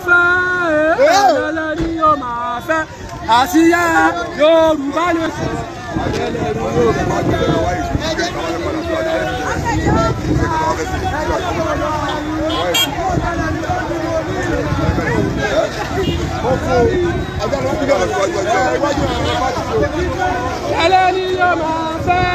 máa fẹ́ ẹlẹ́lẹ́rí yóò máa fẹ́ àṣìyá Yorùbá ló ṣe. ẹlẹ́ni yóò máa fẹ́.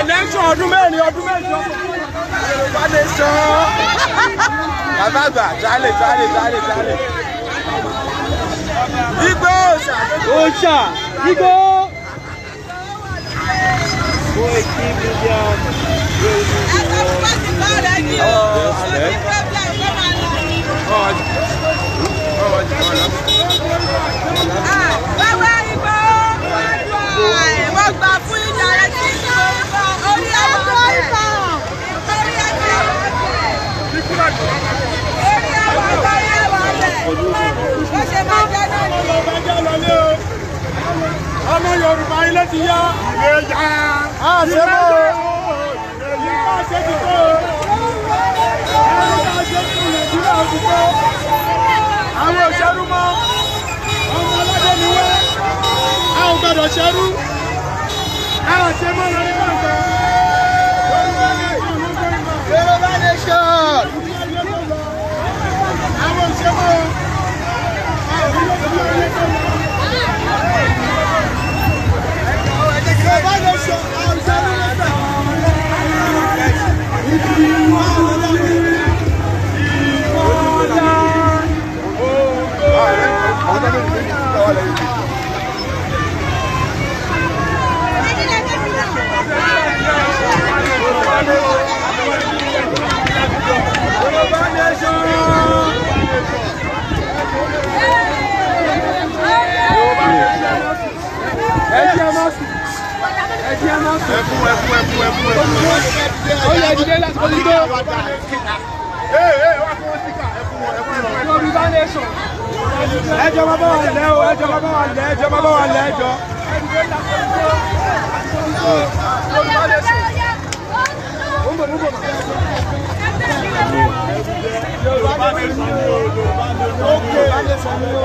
election ọdún mẹ́rin ọdún mẹ́rin Yorùbá lè sọ bàbá àgbà jálè jálè jálè jálè igbó òòṣà òòṣà igbó. bó ṣe máa jẹ́ náà ni. ọmọ yorùbá ilé ti yá. ilé yá. a ṣe mọ́ o. ìgbà ṣe ti tó ẹni tá a ṣe fún nàìjíríà ti tó. àwọn òṣèlú mọ́ ọmọ aládé ni wẹ́. a ò gbọdọ̀ ṣerú. a ṣe mọ́ ẹkú ẹkú ẹkú ẹkú ẹkú. ó yẹ ìdílé láti kọ́ni tó. ee ee wá fún wọn síkà ẹkú wọn ẹkú wọn. ìwọ mi bá lè sọ. ẹjọ bá bá wà lẹ o ẹjọ bá bá wà lẹ ẹjọ bá bá wà lẹ ẹjọ. Yorùbá mi sọ ní o ẹsẹ̀ ni o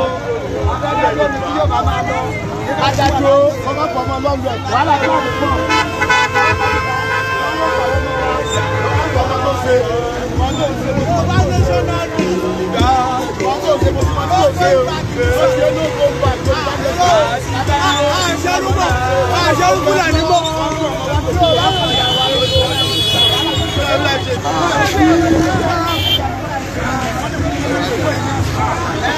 adájọ́ lónìí tí yóò bá máa lọ adájọ́ ọlọ́pàá ọmọ lọ́ndọ̀ wàhálà tó ń pọ̀ ọlọ́pàá ọmọ tó ṣe wọn ló ń ṣe bó ti wọn ló ń ṣe náà ní ìgbà wọn ló ń ṣe bó ti wọn ló ń ṣe o ó ṣe ló kó gbà tó bá lè lọ adájọ́ àṣẹrúgbà àṣẹrúgbà ni mo. Thank you.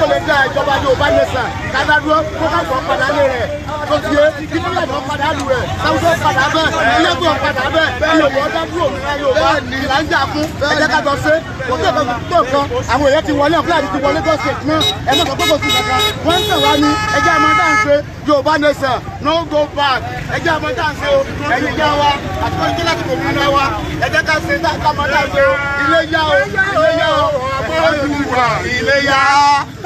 kò lè da ìjọba Yorùbá nation kádàdúró kó kàkọ́ padà lé rẹ̀ tó ti yé kí fúlẹ̀ náà padà lù rẹ̀ sáwùsọ̀ padà bẹ́ẹ̀ ẹlẹ́gbọ̀n padà bẹ́ẹ̀ Yorùbá dádúró òmìnira Yorùbá ìlà ń jà fún ẹ̀jẹ̀ ká lọ sí òkè kan tó kan àwọn èèyàn ti wọlé Fúlàní ti wọlé gọ́ọ̀sì náà ẹ̀jẹ̀ kan gbogbo sí kankan wọ́n ń tẹ̀wá ní ẹjẹ́ àmọ́ tá ń ṣe Yorùbá nation no go back ẹjẹ́ àmọ́ tá ń ṣe o yá wa àtúntò ìjọba ti kò mú ilé yá o ilé yá o ilé yá.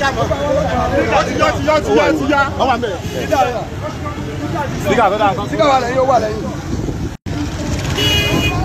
síkà tó dáa síkà wà lẹ́yìn ó wà lẹ́yìn.